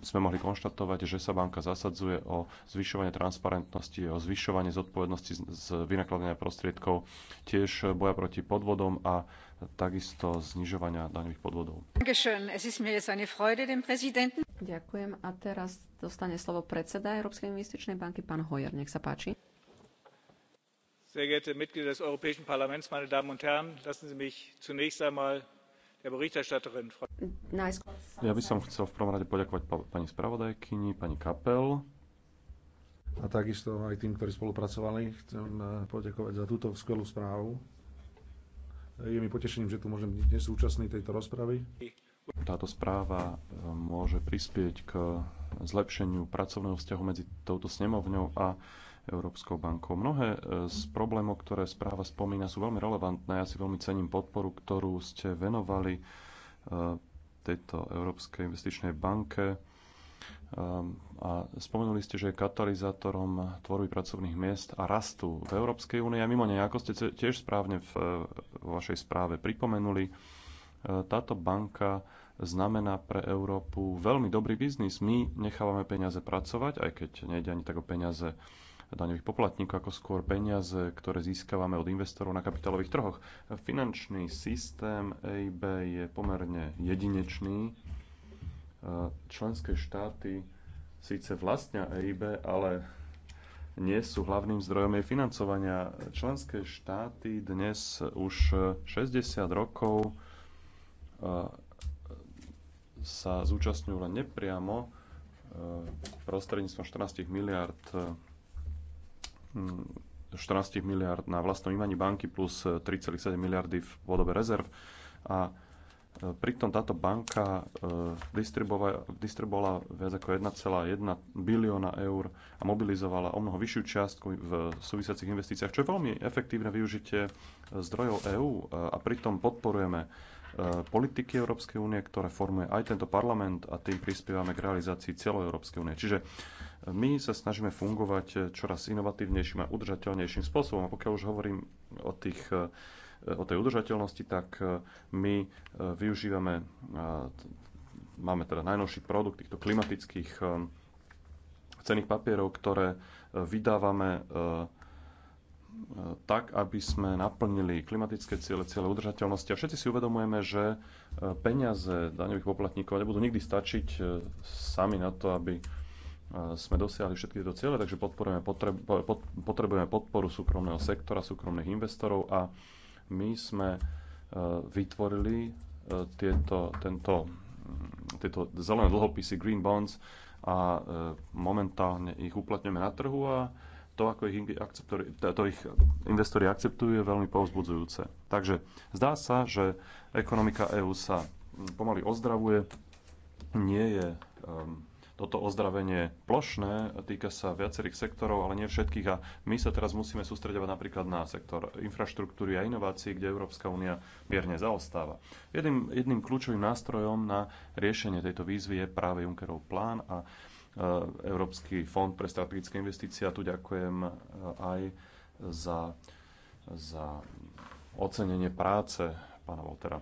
sme mohli konštatovať, že sa banka zasadzuje o zvyšovanie transparentnosti, o zvyšovanie zodpovednosti z vynakladania prostriedkov, tiež boja proti podvodom a takisto znižovania daňových podvodov. Ďakujem a teraz dostane slovo predseda Európskej investičnej banky, pán Hojer. Nech sa páči. Sehr geehrte Mitglieder des Europäischen Parlaments, meine Damen und Herren, lassen Sie mich zunächst einmal der Berichterstatterin. Ja by som chcel v prvom rade poďakovať pani spravodajkyni, pani Kapel, a takisto aj tým, ktorí spolupracovali. Chcem eh, poďakovať za túto skvelú správu. Je mi potešením, že tu môžem dnes súčasný tejto rozpravy. Táto správa e, môže prispieť k zlepšeniu pracovného vzťahu medzi touto snemovňou a Európskou bankou. Mnohé e, z problémov, ktoré správa spomína, sú veľmi relevantné. Ja si veľmi cením podporu, ktorú ste venovali e, tejto Európskej investičnej banke Ehm, a spomenuli ste, že je katalizátorom tvorby pracovných miest a rastu v Európskej únii a mimo nej. Ako ste tiež správne v vašej správe pripomenuli, ehm, táto banka znamená pre Európu veľmi dobrý biznis. My nechávame peniaze pracovať, aj keď nejde ani tak o peniaze daňových poplatníkov, ako skôr peniaze, ktoré získavame od investorov na kapitálových trhoch. Finančný systém EIB je pomerne jedinečný Eh, členské štáty síce vlastnia EIB, ale nie sú hlavným zdrojom jej financovania. Členské štáty dnes už 60 rokov eh, sa zúčastňujú len nepriamo eh, prostredníctvom 14 miliard 14 miliard na vlastnom imaní banky plus 3,7 miliardy v podobe rezerv a Pritom táto banka eh, distribuovala viac ako 1,1 bilióna eur a mobilizovala o mnoho vyššiu čiastku v súvisiacich investíciách, čo je veľmi efektívne využitie eh, zdrojov EÚ a pritom podporujeme eh, politiky Európskej únie, ktoré formuje aj tento parlament a tým prispievame k realizácii celej Európskej únie. Čiže my sa snažíme fungovať čoraz inovatívnejším a udržateľnejším spôsobom. A pokiaľ už hovorím o tých E, o tej udržateľnosti, tak e, my e, využívame, máme teda najnovší produkt týchto klimatických cených papierov, ktoré vydávame tak, aby sme naplnili klimatické ciele, ciele udržateľnosti. A všetci si uvedomujeme, že peniaze daňových poplatníkov nebudú nikdy stačiť sami na to, aby sme dosiahli všetky tieto ciele, takže potrebujeme, potrebujeme podporu súkromného sektora, súkromných investorov a my sme e, vytvorili e, tieto, tento, mm, tieto zelené dlhopisy Green Bonds a e, momentálne ich uplatňujeme na trhu a to, ako ich, to ich investori akceptujú, je veľmi povzbudzujúce. Takže zdá sa, že ekonomika EÚ sa mm, pomaly ozdravuje, nie je um, toto ozdravenie plošné, týka sa viacerých sektorov, ale nie všetkých. A my sa teraz musíme sústredovať napríklad na sektor infraštruktúry a inovácií, kde Európska únia mierne zaostáva. Jedným, jedným kľúčovým nástrojom na riešenie tejto výzvy je práve Junckerov plán a e, Európsky fond pre strategické investície. A tu ďakujem e, aj za, za ocenenie práce pána Voltera.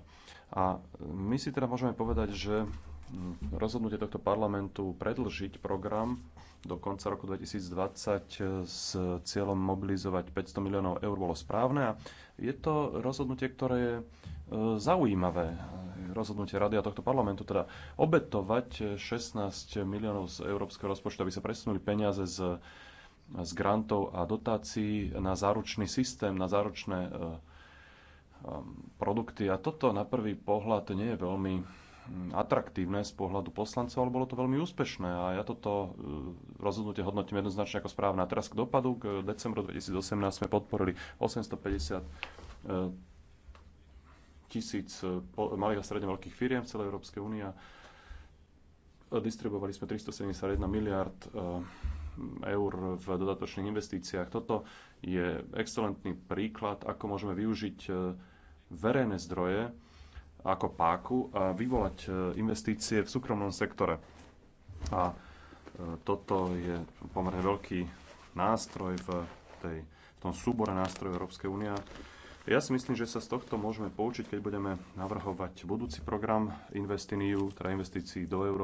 A my si teda môžeme povedať, že rozhodnutie tohto parlamentu predlžiť program do konca roku 2020 s cieľom mobilizovať 500 miliónov eur bolo správne a je to rozhodnutie, ktoré je e, zaujímavé. Rozhodnutie rady a tohto parlamentu teda obetovať 16 miliónov z európskeho rozpočtu, aby sa presunuli peniaze z, z grantov a dotácií na záručný systém, na záručné e, e, produkty. A toto na prvý pohľad nie je veľmi atraktívne z pohľadu poslancov, ale bolo to veľmi úspešné a ja toto e, rozhodnutie hodnotím jednoznačne ako správne. A teraz k dopadu, k decembru 2018 sme podporili 850 e, tisíc e, malých a stredne veľkých firiem v celej Európskej únie a distribuovali sme 371 miliard eur v dodatočných investíciách. Toto je excelentný príklad, ako môžeme využiť verejné zdroje, ako páku a vyvolať e, investície v súkromnom sektore. A e, toto je pomerne veľký nástroj v, tej, v tom súbore nástrojov Európskej únie. Ja si myslím, že sa z tohto môžeme poučiť, keď budeme navrhovať budúci program Investiniu, e teda investícií do Európy.